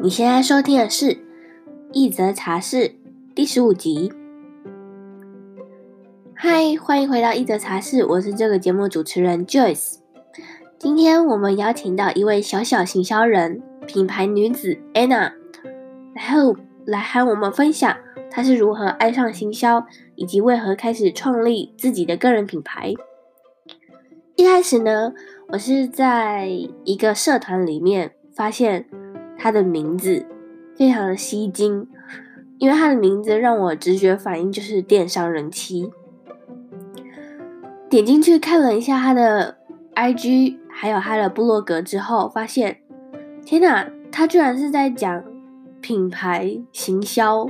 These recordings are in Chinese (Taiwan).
你現在收聽的是《一則茶室》第十五集。嗨，歡迎回到《一則茶室》，我是這個節目主持人 Joyce。今天我們邀請到一位小小行銷人、品牌女子 Anna，然後來和我們分享她是如何愛上行銷，以及為何開始創立自己的個人品牌。一開始呢，我是在一個社團裡面發現他的名字，非常的吸睛，因為他的名字讓我直覺反應就是電商人妻。點進去看了一下他的 IG，還有他的部落格之後，發現，天哪，啊，他居然是在講品牌行銷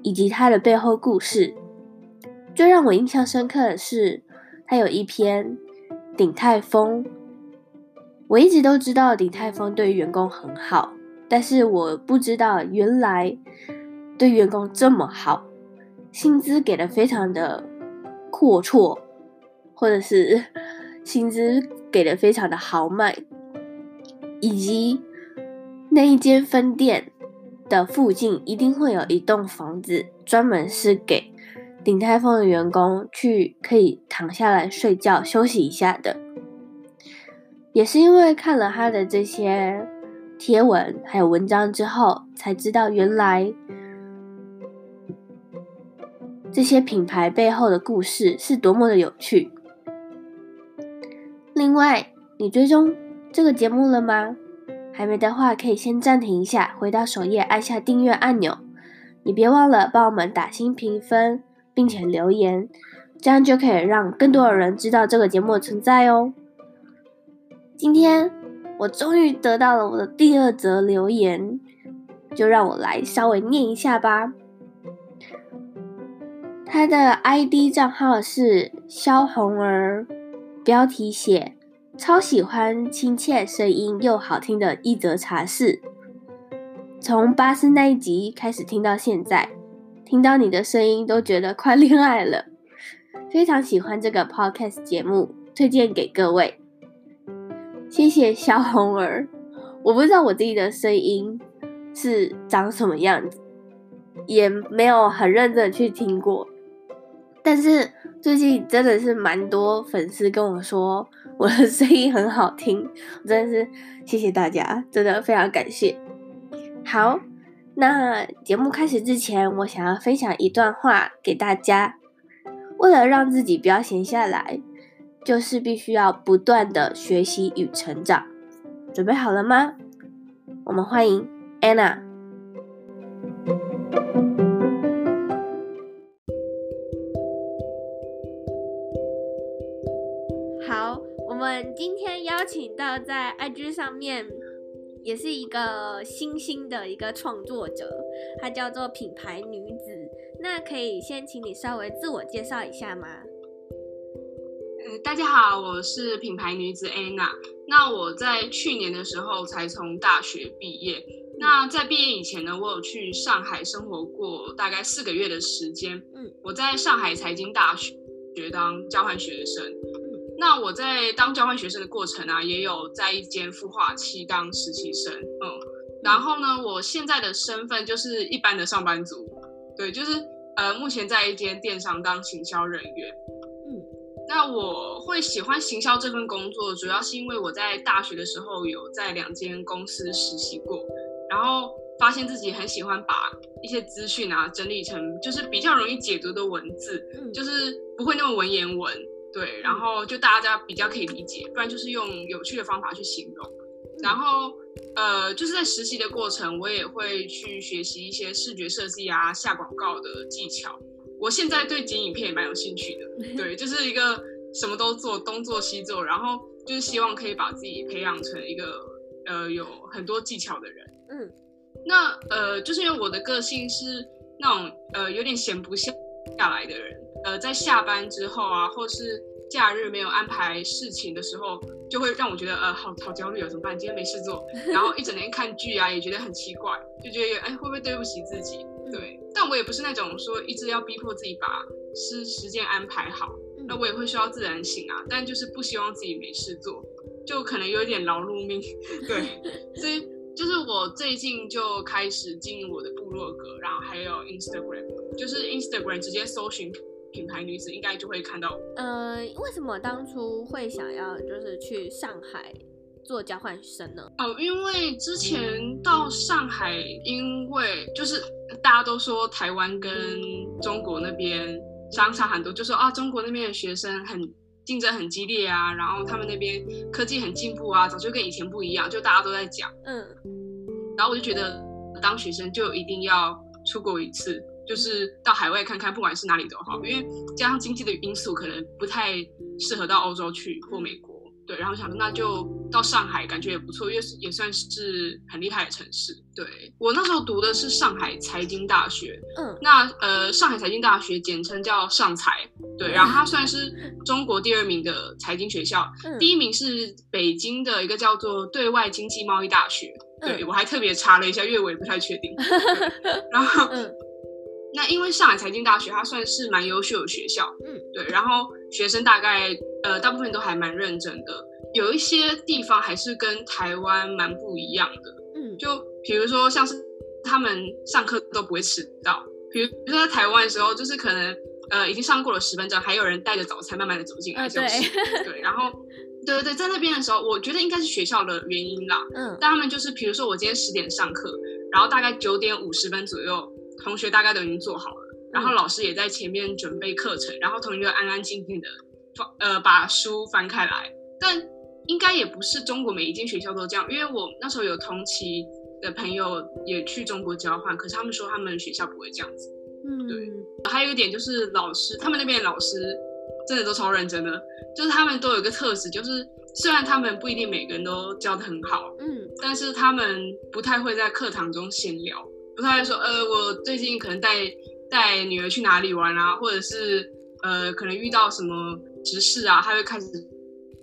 以及他的背後故事。最讓我印象深刻的是，還有一篇鼎泰豐，我一直都知道鼎泰豐對員工很好，但是我不知道原來對員工這麼好，薪資給的非常的闊綽，或者是薪資給的非常的豪邁，以及那一間分店的附近一定會有一棟房子專門是給。鼎泰豐的員工去可以躺下來睡覺休息一下的，也是因為看了他的這些貼文還有文章之後，才知道原來這些品牌背後的故事是多麼的有趣。另外，你追蹤這個節目了嗎？還沒的話，可以先暫停一下，回到首頁，按下訂閱按鈕。你別忘了幫我們打新評分。並且留言，這樣就可以讓更多的人知道這個節目的存在哦。今天我終於得到了我的第二則留言，就讓我來稍微念一下吧。他的 ID 賬號是蕭紅兒，標題寫“超喜歡親切聲音又好聽的一則茶室”，從巴斯那一集開始聽到現在。聽到你的聲音都覺得快戀愛了，非常喜歡這個 podcast 節目，推薦給各位。謝謝小紅兒，我不知道我自己的聲音是長什麼樣子，也沒有很認真去聽過，但是最近真的是蠻多粉絲跟我說我的聲音很好聽，真的是謝謝大家，真的非常感謝。好。那節目開始之前，我想要分享一段話給大家。為了讓自己不要閒下來，就是必須要不斷的學習與成長。準備好了嗎？我們歡迎 Anna。好，我們今天邀請到在 IG 上面。也是一個新興的一個創作者，她叫做品牌女子。那可以先請你稍微自我介紹一下嗎？嗯，大家好，我是品牌女子 Anna。那我在去年的時候才從大學畢業，嗯。那在畢業以前呢，我有去上海生活過大概四個月的時間。嗯，我在上海財經大學，學當交換學生。那我在當交換學生的過程啊，也有在一間孵化器當實習生，嗯，然後呢，我現在的身份就是一般的上班族，對，就是呃，目前在一間電商當行銷人員，嗯，那我會喜歡行銷這份工作，主要是因為我在大學的時候有在兩間公司實習過，然後發現自己很喜歡把一些資訊啊整理成就是比較容易解讀的文字，嗯，就是不會那麼文言文。對，然後就大家比較可以理解，不然就是用有趣的方法去形容。然後，呃，就是在實習的過程，我也會去學習一些視覺設計啊、下廣告的技巧。我現在對剪影片也蠻有興趣的。對，就是一個什麼都做，東做西做，然後就是希望可以把自己培養成一個呃有很多技巧的人。嗯，那呃，就是因為我的個性是那種呃有點閒不下下來的人。呃，在下班之後啊，或是假日沒有安排事情的時候，就會讓我覺得呃，好好焦慮啊、哦，怎麼辦？今天沒事做，然後一整天看劇啊，也覺得很奇怪，就覺得哎、欸，會不會對不起自己？對、嗯，但我也不是那種說一直要逼迫自己把時時間安排好、嗯，那我也會需要自然醒啊，但就是不希望自己沒事做，就可能有一點勞碌命。對，所以就是我最近就開始經營我的部落格，然後還有 Instagram，就是 Instagram 直接搜尋。品牌女子應該就會看到。呃，為什麼當初會想要就是去上海做交換生呢？嗯。哦，因為之前到上海，嗯。因為就是大家都說台灣跟中國那邊相差很多，就說啊，中國那邊的學生很競爭很激烈啊，然後他們那邊科技很進步啊，早就跟以前不一樣，就大家都在講。嗯，然後我就覺得當學生就一定要出國一次。就是到海外看看，不管是哪裡都好，嗯、因為加上經濟的因素，可能不太適合到歐洲去或美國。對，然後想說那就到上海，感覺也不錯，因為也算是很厲害的城市。對，我那時候讀的是上海財經大學。嗯，那呃，上海財經大學簡稱叫上財。對，然後它算是中國第二名的財經學校，嗯，第一名是北京的一個叫做對外經濟貿易大學。嗯、對，我還特別查了一下，因為我也不太確定。然後。嗯那因為上海財經大學，它算是蠻優秀的學校，嗯，對。然後學生大概呃，大部分都還蠻認真的。有一些地方還是跟台灣蠻不一樣的，嗯，就比如說像是他們上課都不會遲到，比如說在台灣的時候，就是可能呃已經上過了十分鐘，還有人帶着早餐慢慢的走進來休息，對對，對。然後對對對，在那邊的時候，我覺得應該是學校的原因啦，嗯。但他們就是比如說我今天十點上課，然後大概九點五十分左右。同學大概都已經做好了，然後老師也在前面準備課程，嗯，然後同學就安安靜靜的呃，把書翻開來。但應該也不是中國每一間學校都這樣，因為我那時候有同期的朋友也去中國交換，可是他們說他們學校不會這樣子。嗯，對。還有一點就是老師，他們那邊老師真的都超認真的，就是他們都有一個特質，就是雖然他們不一定每個人都教得很好，嗯，但是他們不太會在課堂中閒聊。不太會說，呃，我最近可能帶帶女兒去哪裡玩啊，或者是呃，可能遇到什麼執事啊，他會開始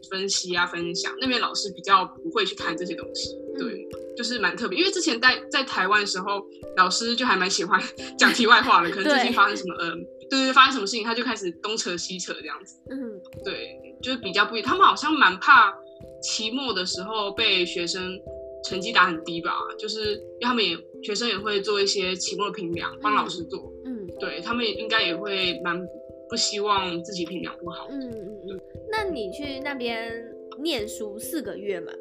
分析啊，分享。那邊老師比較不會去看這些東西，對、嗯，就是蠻特別。因為之前在在台灣的時候，老師就還蠻喜歡講題外話的，可能最近發生什麼呃，對對，就是，發生什麼事情，他就開始東扯西扯這樣子。嗯，對，就是比較不，他們好像蠻怕期末的時候被學生成績打很低吧，就是因為他們也。學生也會做一些期末評量，幫、嗯、老師做。嗯，對，他們也應該也會蠻不，不希望自己評量不好。嗯嗯嗯。那你去那邊念書四個月嘛，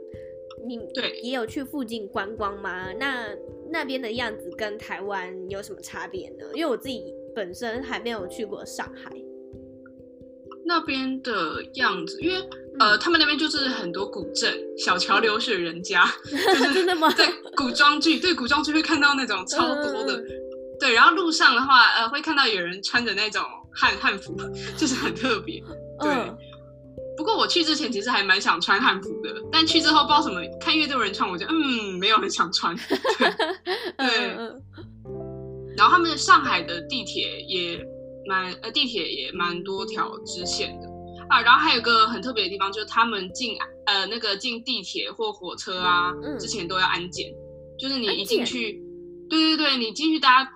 你對也有去附近觀光嗎？那那邊的樣子跟台灣有什麼差別呢？因為我自己本身還沒有去過上海。那邊的樣子，因為、嗯、呃，他們那邊就是很多古鎮，小橋流水人家、嗯，就是在古裝劇 對古裝劇會看到那種超多的、嗯、對，然後路上的話呃會看到有人穿着那種漢漢服，就是很特別對、嗯。不過我去之前其實還蠻想穿漢服的，但去之後不知道什麼看，越多人穿，我就嗯沒有很想穿對,對嗯嗯嗯。然後他們上海的地鐵也。蠻呃地鐵也蠻多條支線的啊，然後還有個很特別的地方，就是他們進呃那個進地鐵或火車啊、嗯，之前都要安檢，就是你一進去，對對對，你進去搭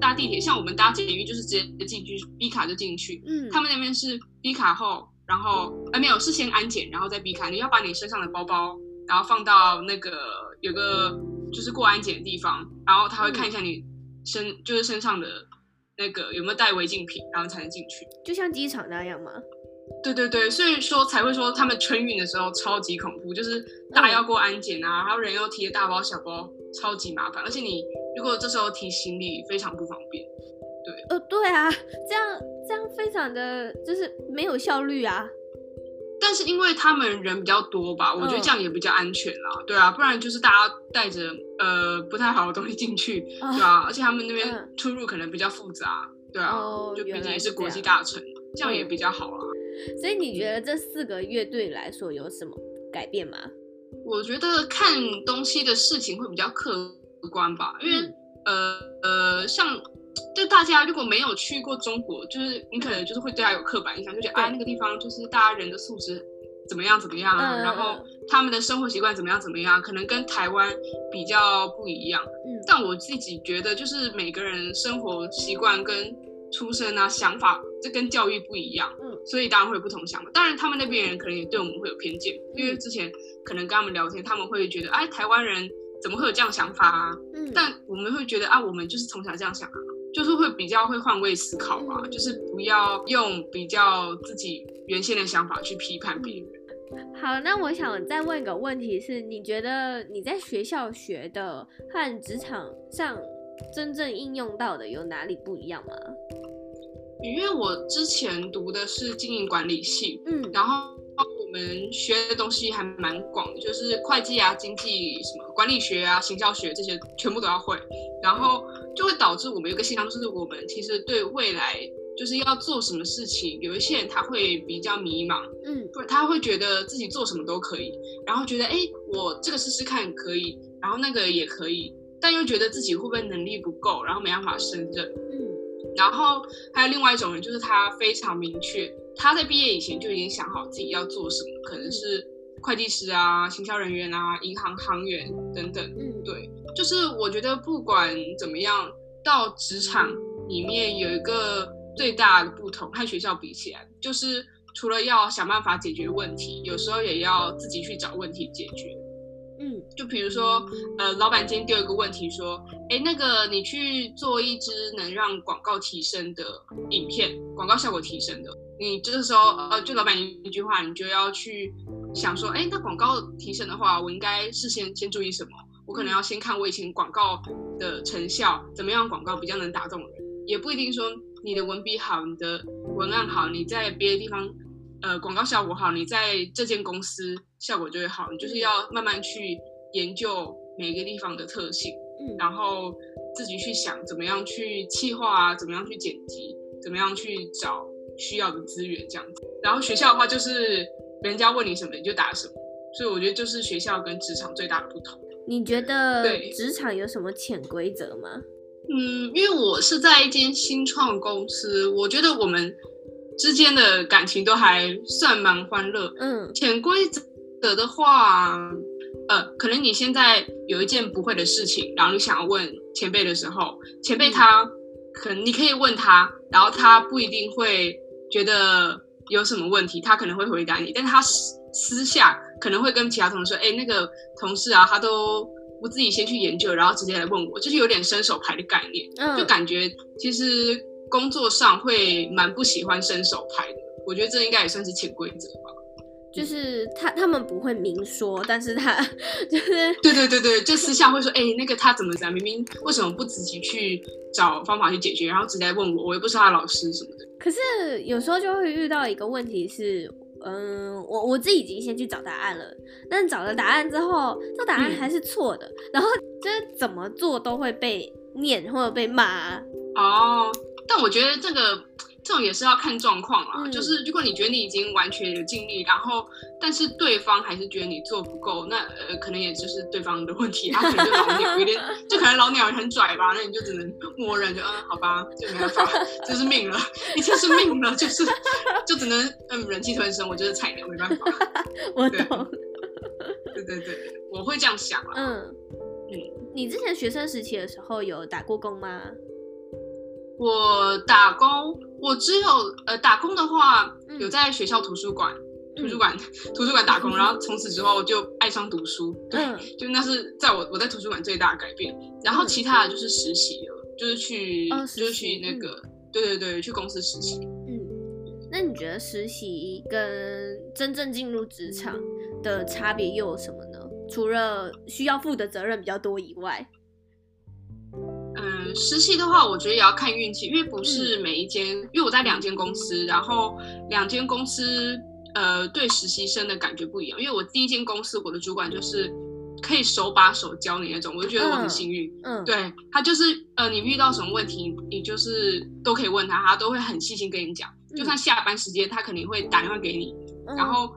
搭地鐵，像我們搭捷運就是直接進去，B 卡就進去，嗯，他們那邊是 B 卡後，然後啊、呃、沒有是先安檢，然後再 B 卡，你要把你身上的包包，然後放到那個有個就是過安檢的地方，然後他會看一下你身、嗯、就是身上的。那個有沒有帶違禁品，然後才能進去？就像機場那樣嗎？對對對，所以說才會說他們春運的時候超級恐怖，就是大要過安檢啊，嗯、然後人又提大包小包，超級麻煩。而且你如果這時候提行李，非常不方便。對，哦，對啊，這樣這樣非常的就是沒有效率啊。但是因為他們人比較多吧，我覺得這樣也比較安全啦，oh. 對啊，不然就是大家帶着呃不太好的東西進去，oh. 對啊，而且他們那邊出入可能比較複雜，對啊，oh, 就畢竟也是國際大城，這樣也比較好了，啊嗯。所以你覺得這四個樂隊來說有什麼改變嗎？我覺得看東西的事情會比較客觀吧，因為、嗯、呃呃像。就大家如果沒有去過中國，就是你可能就是會對他有刻板印象，就覺得哎、啊、那個地方就是大家人的素質怎麼樣怎麼樣、啊嗯，然後他們的生活習慣怎麼樣怎麼樣，可能跟台灣比較不一樣。嗯，但我自己覺得就是每個人生活習慣跟出生啊、嗯、想法，這跟教育不一樣，嗯，所以當然會不同想法。當然他們那邊人可能也對我們會有偏見、嗯，因為之前可能跟他們聊天，他們會覺得哎、啊、台灣人怎麼會有這樣想法啊？嗯、但我們會覺得啊我們就是從小這樣想啊。就是會比較會換位思考嘛、嗯，就是不要用比較自己原先的想法去批判別人。好，那我想再問一個問題是，你覺得你在學校學的和職場上真正應用到的有哪裡不一樣嗎？因為我之前讀的是經營管理系，嗯，然後我們學的東西還蠻廣，就是會計啊、經濟什麼、管理學啊、行銷學這些全部都要會，然後，嗯就會導致我們有個現象，就是我們其實對未來就是要做什麼事情，有一些人他會比較迷茫，嗯，他會覺得自己做什麼都可以，然後覺得哎，我這個試試看可以，然後那個也可以，但又覺得自己會不會能力不夠，然後沒辦法勝任，嗯。然後還有另外一種人，就是他非常明確，他在畢業以前就已經想好自己要做什麼，可能是會計師啊、行銷人員啊、銀行行員等等，嗯，對。就是我覺得不管怎麼樣，到職場裡面有一個最大的不同，和學校比起來，就是除了要想辦法解決問題，有時候也要自己去找問題解決。嗯，就比如說，呃，老闆今天丟一個問題說，哎，那個你去做一支能讓廣告提升的影片，廣告效果提升的，你這個時候呃，就老闆一句話，你就要去想說，哎，那廣告提升的話，我應該事先先注意什麼？我可能要先看我以前廣告的成效怎麼樣，廣告比較能打動人，也不一定說你的文筆好，你的文案好，你在別的地方呃廣告效果好，你在這間公司效果就會好。你就是要慢慢去研究每個地方的特性，嗯，然後自己去想怎麼樣去企劃啊，怎麼樣去剪輯，怎麼樣去找需要的資源這樣子。然後學校的話就是人家問你什麼你就答什麼，所以我覺得就是學校跟職場最大的不同。你覺得職場有什麼潛規則嗎？嗯，因為我是在一間新創公司，我覺得我們之間的感情都還算蠻歡樂。嗯，潛規則的話，呃，可能你現在有一件不會的事情，然後你想要問前輩的時候，前輩他，嗯，可能你可以問他，然後他不一定會覺得有什麼問題，他可能會回答你，但是他。私下可能會跟其他同事說：“哎、欸，那個同事啊，他都不自己先去研究，然後直接來問我，就是有點伸手牌的概念、嗯，就感覺其實工作上會蠻不喜歡伸手牌的。我覺得這應該也算是潛規則吧，就是他他們不會明說，但是他就是對對對對，就私下會說：哎、欸，那個他怎麼在，明明為什麼不自己去找方法去解決，然後直接來問我，我又不是他老師什麼的。可是有時候就會遇到一個問題是。”嗯，我我自己已經先去找答案了，但找了答案之後，這答案還是錯的，嗯，然後就是怎麼做都會被念或者被罵。哦，但我覺得這個。這種也是要看狀況啊、嗯，就是如果你覺得你已經完全有盡力，然後但是對方還是覺得你做不夠，那呃可能也就是對方的問題，他、啊、可能就老鳥有點， 就可能老鳥很拽吧，那你就只能默認就嗯好吧，就沒辦法，這、就是命了， 你這是命了，就是就只能嗯忍氣吞聲，我就是菜鳥沒辦法， 我懂對。對對對，我會這樣想啊，嗯嗯，你之前學生時期的時候有打過工嗎？我打工，我只有呃，打工的話有在學校圖書館、嗯、圖書館、圖書館打工，嗯、然後從此之後就愛上讀書、嗯，對，就那是在我我在圖書館最大的改變。然後其他的就是實習了，嗯、就是去、哦、就是去那個、嗯，對對對，去公司實習。嗯，那你覺得實習跟真正進入職場的差別又有什麼呢？除了需要負的責任比較多以外。實習的話，我覺得也要看運氣，因為不是每一間，嗯，因為我在兩間公司，然後兩間公司，呃，對實習生的感覺不一樣。因為我第一間公司，我的主管就是可以手把手教你那種，我就覺得我很幸運。嗯，嗯，對他就是呃，你遇到什麼問題，你就是都可以問他，他都會很細心跟你講，就算下班時間，他肯定會打電話給你。然後，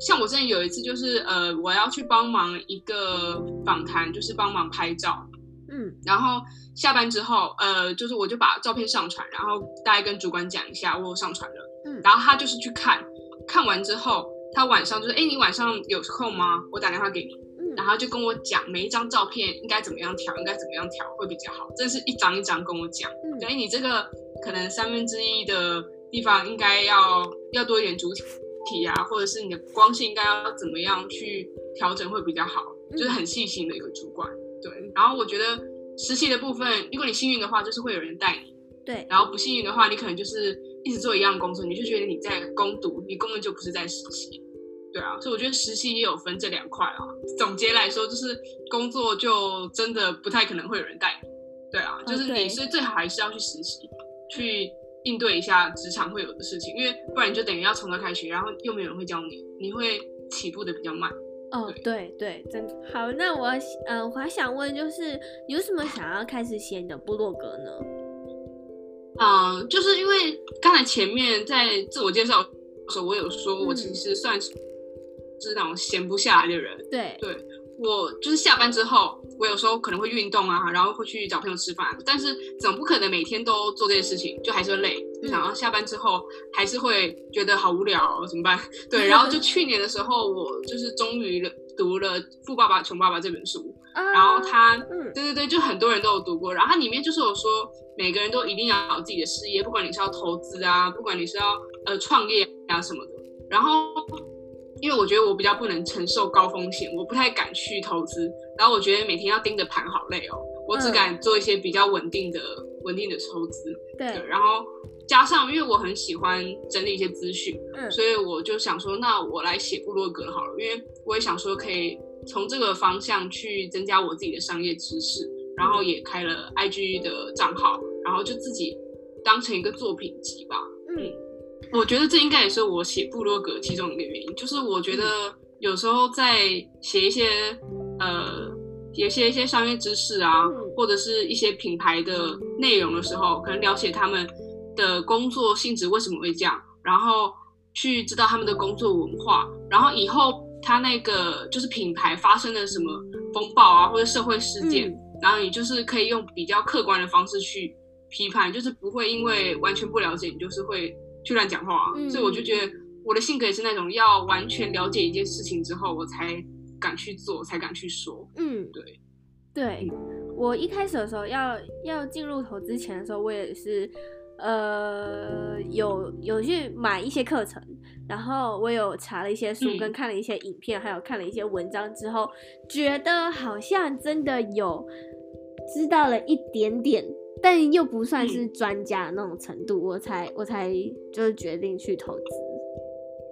像我之前有一次就是呃，我要去幫忙一個訪談，就是幫忙拍照。嗯，然後下班之後，呃，就是我就把照片上傳，然後大概跟主管講一下我上傳了，嗯，然後他就是去看看完之後，他晚上就說：“哎，你晚上有空嗎？我打電話給你。”然後就跟我講每一張照片應該怎麼樣調，應該怎麼樣調會比較好。這是一張一張跟我講，嗯，所以你這個可能三分之一的地方應該要要多一點主體啊，或者是你的光線應該要怎麼樣去調整會比較好，就是很細心的一個主管。對，然後我覺得實習的部分，如果你幸運的話，就是會有人帶你。對，然後不幸運的話，你可能就是一直做一樣的工作，你就覺得你在工讀，你根本就不是在實習。對啊，所以我覺得實習也有分這兩塊啊。總結來說，就是工作就真的不太可能會有人帶你。對啊，就是你是最好還是要去實習，去應對一下職場會有的事情，因為不然你就等於要從頭開始，然後又沒有人會教你，你會起步的比較慢。哦、oh，對對，真好。那我，呃我還想問，就是你為什麼想要開始寫你的部落格呢？啊、呃，就是因為剛才前面在自我介紹的時候，我有說我其實算是，嗯就是那種閒不下來的人。對對。我就是下班之後，我有時候可能會運動啊，然後會去找朋友吃飯，但是總不可能每天都做這些事情，就還是會累。就想要下班之後還是會覺得好無聊哦，怎麼辦？對，然後就去年的時候，我就是終於讀了《富爸爸窮爸爸》這本書，uh, 然後他，對對對，就很多人都有讀過。然後裡面就是我說，每個人都一定要有自己的事業，不管你是要投資啊，不管你是要呃創業啊什麼的，然後。因為我覺得我比較不能承受高風險，我不太敢去投資。然後我覺得每天要盯着盤好累哦，我只敢做一些比較穩定的、穩定的投資。對。對，然後加上，因為我很喜歡整理一些資訊，嗯、所以我就想說，那我來寫部落格好了。因為我也想說，可以從這個方向去增加我自己的商業知識。然後也開了 IG 的賬號然後就自己當成一個作品集吧。嗯。我覺得這應該也是我寫部落格其中的一個原因，就是我覺得有時候在寫一些、嗯、呃，有些一些商業知識啊、嗯，或者是一些品牌的內容的時候，可能了解他們的工作性質為什麼會這樣，然後去知道他們的工作文化，然後以後他那個就是品牌發生了什麼風暴啊，或者社會事件，嗯、然後你就是可以用比較客觀的方式去批判，就是不會因為完全不了解，你就是會。就亂講話、嗯，所以我就覺得我的性格也是那種要完全了解一件事情之後，我才敢去做，嗯、才敢去說。嗯，對，對我一開始的時候要要進入投資前的時候，我也是，呃，有有去買一些課程，然後我有查了一些書，跟看了一些影片、嗯，還有看了一些文章之後，覺得好像真的有知道了一點點。但又不算是專家的那種程度，嗯、我才我才就是決定去投資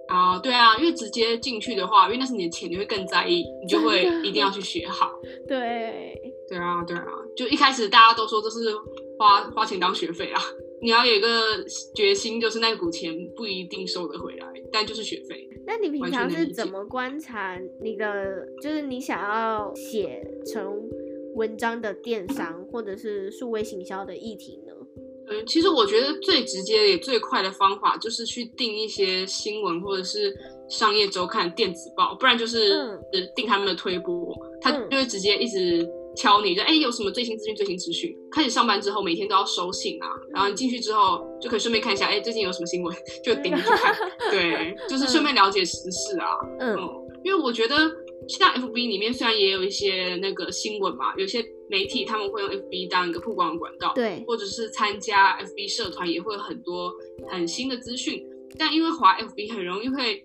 啊，uh, 對啊，因為直接進去的話，因為那是你的錢，你會更在意，你就會一定要去學好。對，對啊，對啊，就一開始大家都說這是花花錢當學費啊，你要有一個決心，就是那股錢不一定收得回來，但就是學費。那你平常是怎麼觀察你的，就是你想要寫成？文章的電商或者是數位行銷的議題呢？嗯，其實我覺得最直接也最快的方法就是去訂一些新聞或者是商業周刊電子報，不然就是訂他們的推播、嗯，他就會直接一直敲你，就哎，有什麼最新資訊、最新資訊。開始上班之後，每天都要收信啊，然後你進去之後就可以順便看一下，哎，最近有什麼新聞就點進去看、嗯，對，就是順便了解時事啊。嗯，嗯，因為我覺得。去到 FB 裡面雖然也有一些那個新聞嘛，有些媒體他們會用 FB 當一個曝光的管道，對，或者是參加 FB 社團也會有很多很新的資訊，但因為滑 FB 很容易會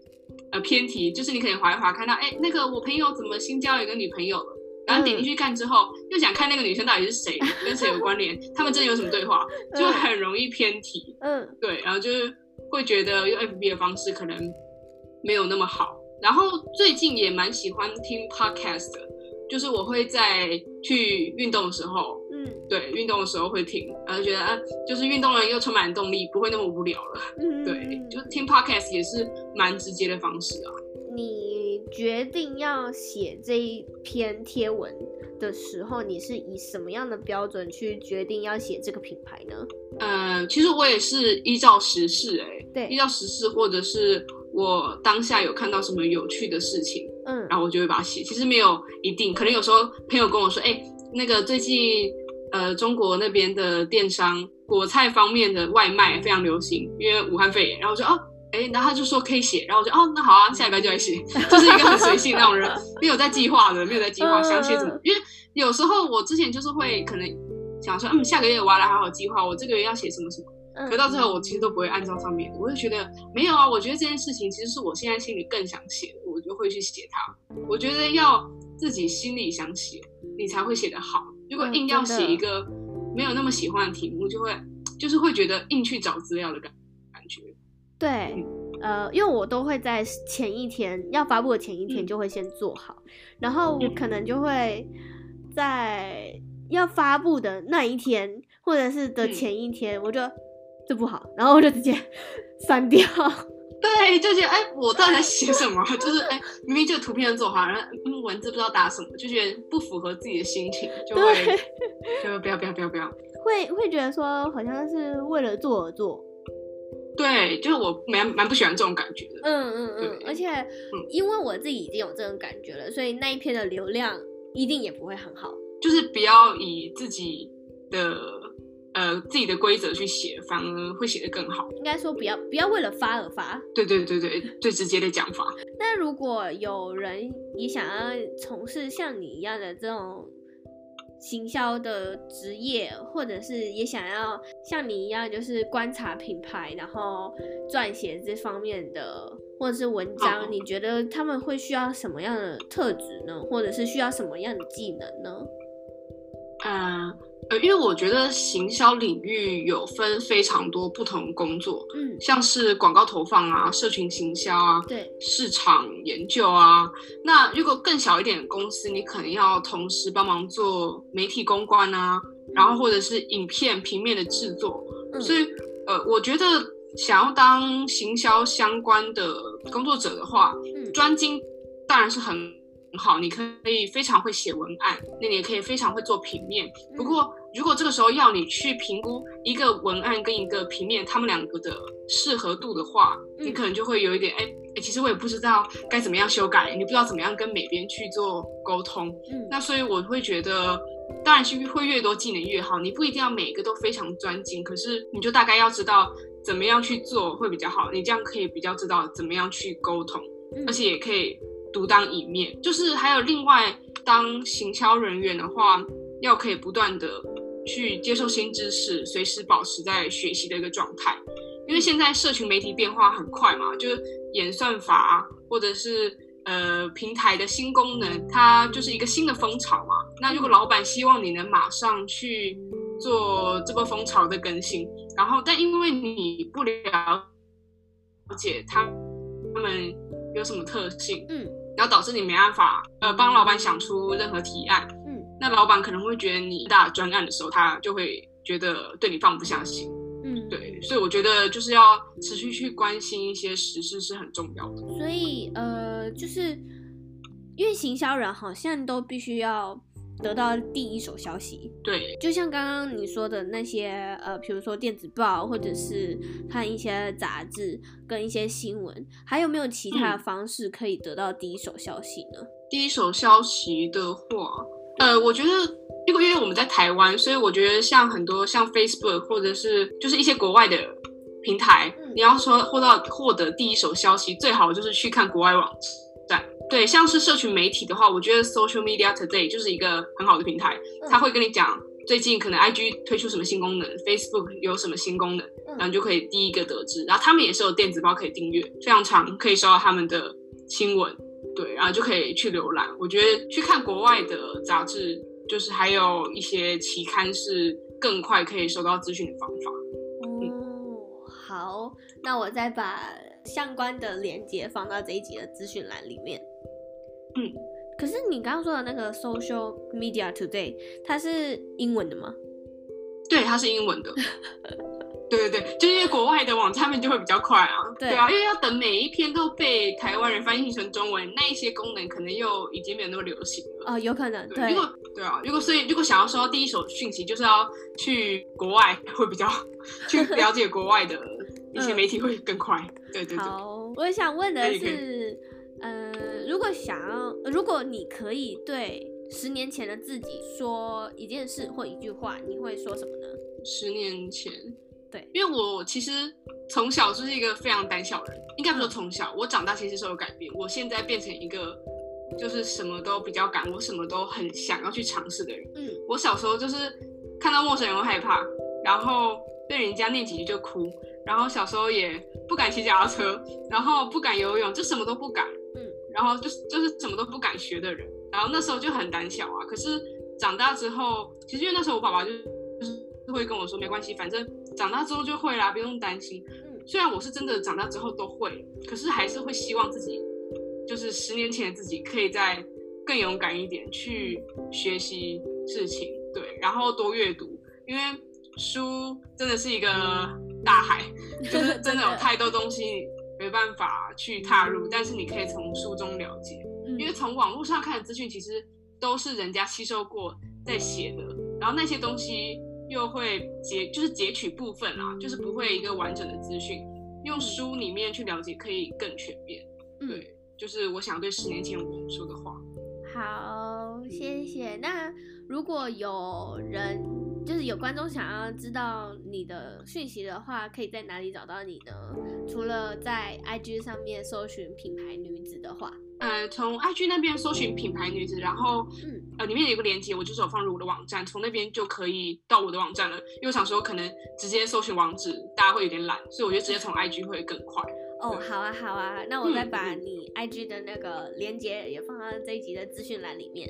呃偏題，就是你可以滑一滑，看到，哎，那個我朋友怎麼新交一個女朋友了，然後點進去看之後又想看那個女生到底是誰，跟誰有關聯， 他們這有什麼對話，就很容易偏題，嗯，對，然後就是會覺得用 FB 的方式可能沒有那麼好。然後最近也蠻喜歡聽 podcast 就是我會在去運動的時候，嗯，對，運動的時候會聽，然後，覺得啊，就是運動人又充滿動力，不會那麼無聊了，嗯,嗯,嗯，對，就聽 podcast 也是蠻直接的方式啊。你決定要寫這一篇貼文的時候，你是以什麼樣的標準去決定要寫這個品牌呢？嗯、呃，其實我也是依照時事、欸，哎，對，依照時事或者是。我當下有看到什麼有趣的事情，嗯，然後我就會把它寫。其實沒有一定，可能有時候朋友跟我說，哎、欸，那個最近呃中國那邊的電商果菜方面的外賣非常流行，因為武漢肺炎。然後我說哦，哎、欸，然後他就說可以寫，然後我說哦，那好啊，下禮拜就來寫，就是一個很隨性那種人， 沒有在計劃的，沒有在計劃想寫什麼，因為有時候我之前就是會可能想說，嗯，下個月我要來好好計劃，我這個月要寫什麼什麼。嗯、可到最後，我其實都不會按照上面，我會覺得沒有啊。我覺得這件事情其實是我現在心裡更想寫，我就會去寫它。我覺得要自己心裡想寫，你才會寫得好。如果硬要寫一個沒有那麼喜歡的題目就會、嗯的，就會就是會覺得硬去找資料的感感覺。對、嗯，呃，因為我都會在前一天要發布的前一天就會先做好、嗯，然後我可能就會在要發布的那一天，或者是的前一天，嗯、我就。這不好，然後我就直接刪掉。對，就覺得哎，我到底在寫什麼？ 就是哎，明明就圖片做好，然後文字不知道打什麼，就覺得不符合自己的心情，就會，對，就不要不要不要不要，會會覺得說好像是為了做而做。對，就是我蠻蠻不喜歡這種感覺的。嗯嗯嗯，而且、嗯、因為我自己已經有這種感覺了，所以那一篇的流量一定也不會很好。就是不要以自己的。呃，自己的規則去寫，反而會寫得更好。應該說，不要不要為了發而發。對對對對，最直接的講法。那如果有人也想要從事像你一樣的這種行銷的職業，或者是也想要像你一樣，就是觀察品牌，然後撰寫這方面的或者是文章，你覺得他們會需要什麼樣的特質呢？或者是需要什麼樣的技能呢？啊、uh...。呃，因為我覺得行銷領域有分非常多不同工作，嗯，像是廣告投放啊、社群行銷啊，對，市場研究啊。那如果更小一點的公司，你可能要同時幫忙做媒體公關啊，嗯、然後或者是影片、平面的制作、嗯。所以，呃，我覺得想要當行銷相關的工作者的話，嗯、專精當然是很。好，你可以非常會寫文案，那你也可以非常會做平面。不過，如果這個時候要你去評估一個文案跟一個平面，他們兩個的適合度的話，嗯、你可能就會有一點，哎其實我也不知道該怎麼樣修改，你不知道怎麼樣跟美編，去做溝通。嗯，那所以我會覺得，當然是會越多技能越好，你不一定要每個都非常專精，可是你就大概要知道怎麼樣去做會比較好，你這樣可以比較知道怎麼樣去溝通，嗯、而且也可以獨當一面，就是還有另外當行銷人員的話，要可以不斷的去接受新知識，隨時保持在學習的一個狀態。因為現在社群媒體變化很快嘛，就是演算法，或者是呃平台的新功能，它就是一個新的風潮嘛。那如果老闆希望你能馬上去做這波風潮的更新，然後但因為你不了解他他們有什麼特性，嗯。然後導致你沒辦法，呃，幫老闆想出任何提案。嗯，那老闆可能會覺得你大專案的時候，他就會覺得對你放不下心。嗯，對，所以我覺得就是要持續去關心一些時事是很重要的。所以，呃，就是因為行銷人好像都必須要。得到第一手消息，對，就像剛剛你說的那些，呃，比如說電子報或者是看一些雜誌跟一些新聞，還有沒有其他的方式可以得到第一手消息呢？嗯、第一手消息的話，呃，我覺得因為我們在台灣，所以我覺得像很多像 Facebook 或者是就是一些國外的平台，嗯、你要說獲到獲得第一手消息，最好就是去看國外網站。對，像是社群媒體的話，我覺得 Social Media Today 就是一個很好的平台，他、嗯、會跟你講最近可能 IG 推出什麼新功能，嗯、Facebook 有什麼新功能，嗯，然後就可以第一個得知。然後他們也是有電子報可以訂閱，非常長，可以收到他們的新聞，對，然後就可以去瀏覽。我覺得去看國外的雜誌，嗯、就是還有一些期刊是更快可以收到資訊的方法。哦、嗯嗯，好，那我再把相關的連結放到這一集的資訊欄裡面。.嗯，可是你剛剛說的那個 Social Media Today，它是英文的嗎？對，它是英文的。對 對對，就因為國外的網站面就會比較快啊對。對啊，因為要等每一篇都被台灣人翻譯成中文，那一些功能可能又已經沒有那麼流行了啊、哦。有可能，對。對如果，對啊，如果所以如果想要收到第一手訊息，就是要去國外會比較去了解國外的一些媒體會更快。 嗯、對，對對對。好，我想問的是，嗯如果想要，如果你可以對十年前的自己說一件事或一句話，嗯，你會說什麼呢？十年前，對，因為我其實從小就是一個非常膽小的人，應該不說從小，我長大其實是有改變，我現在變成一個就是什麼都比較敢，我什麼都很想要去嘗試的人。嗯，我小時候就是看到陌生人會害怕，然後被人家念幾句就哭，然後小時候也不敢騎腳踏車，然後不敢游泳，就什麼都不敢。嗯然後就是就是什麼都不敢學的人，然後那時候就很膽小啊。可是長大之後，其實因為那時候我爸爸就就是會跟我說，沒關係，反正長大之後就會啦，不用擔心。雖然我是真的長大之後都會，可是還是會希望自己就是十年前的自己可以再更勇敢一點去學習事情，對，然後多閱讀，因為書真的是一個大海， 就是真的有太多東西。沒辦法去踏入，但是你可以從書中了解，因為從網絡上看的資訊其實都是人家吸收過在寫的，然後那些東西又會截，就是截取部分啊，就是不會一個完整的資訊。用書裡面去了解可以更全面。對，就是我想對十年前我們說的話。好，謝謝。那如果有人。就是有觀眾想要知道你的訊息的話，可以在哪裡找到你呢？除了在 IG 上面搜尋品牌女子的話，呃，從 IG 那邊搜尋品牌女子，嗯、然後嗯，呃，裡面有一個連結，我就是有放入我的網站，從那邊就可以到我的網站了。因為我想說可能直接搜尋網址，大家會有點懶，所以我覺得直接從 IG 會更快，嗯。哦，好啊，好啊，那我再把你 IG 的那個連結也放到這一集的資訊欄裡面。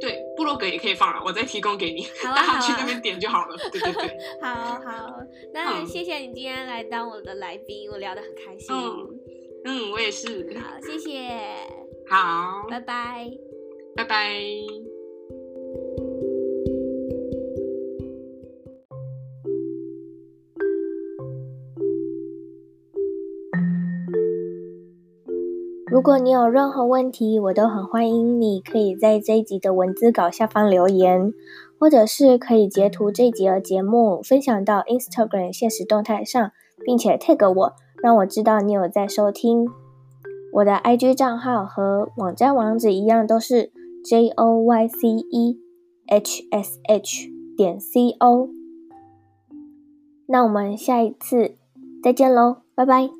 對，部落格也可以放了，我再提供給你，大家去那邊點就好了。好對對對，好好，那謝謝你今天來當我的來賓，嗯，我聊得很開心。嗯，嗯，我也是。好，謝謝。好，拜拜，拜拜。如果你有任何問題，我都很歡迎你可以在這一集的文字稿下方留言，或者是可以截圖這一集的節目分享到 Instagram 限時動態上，並且 tag 我，讓我知道你有在收聽。我的 IG 賬號和網站網址一樣，都是 joycehsh 點 co。那我們下一次再見嘍，拜拜。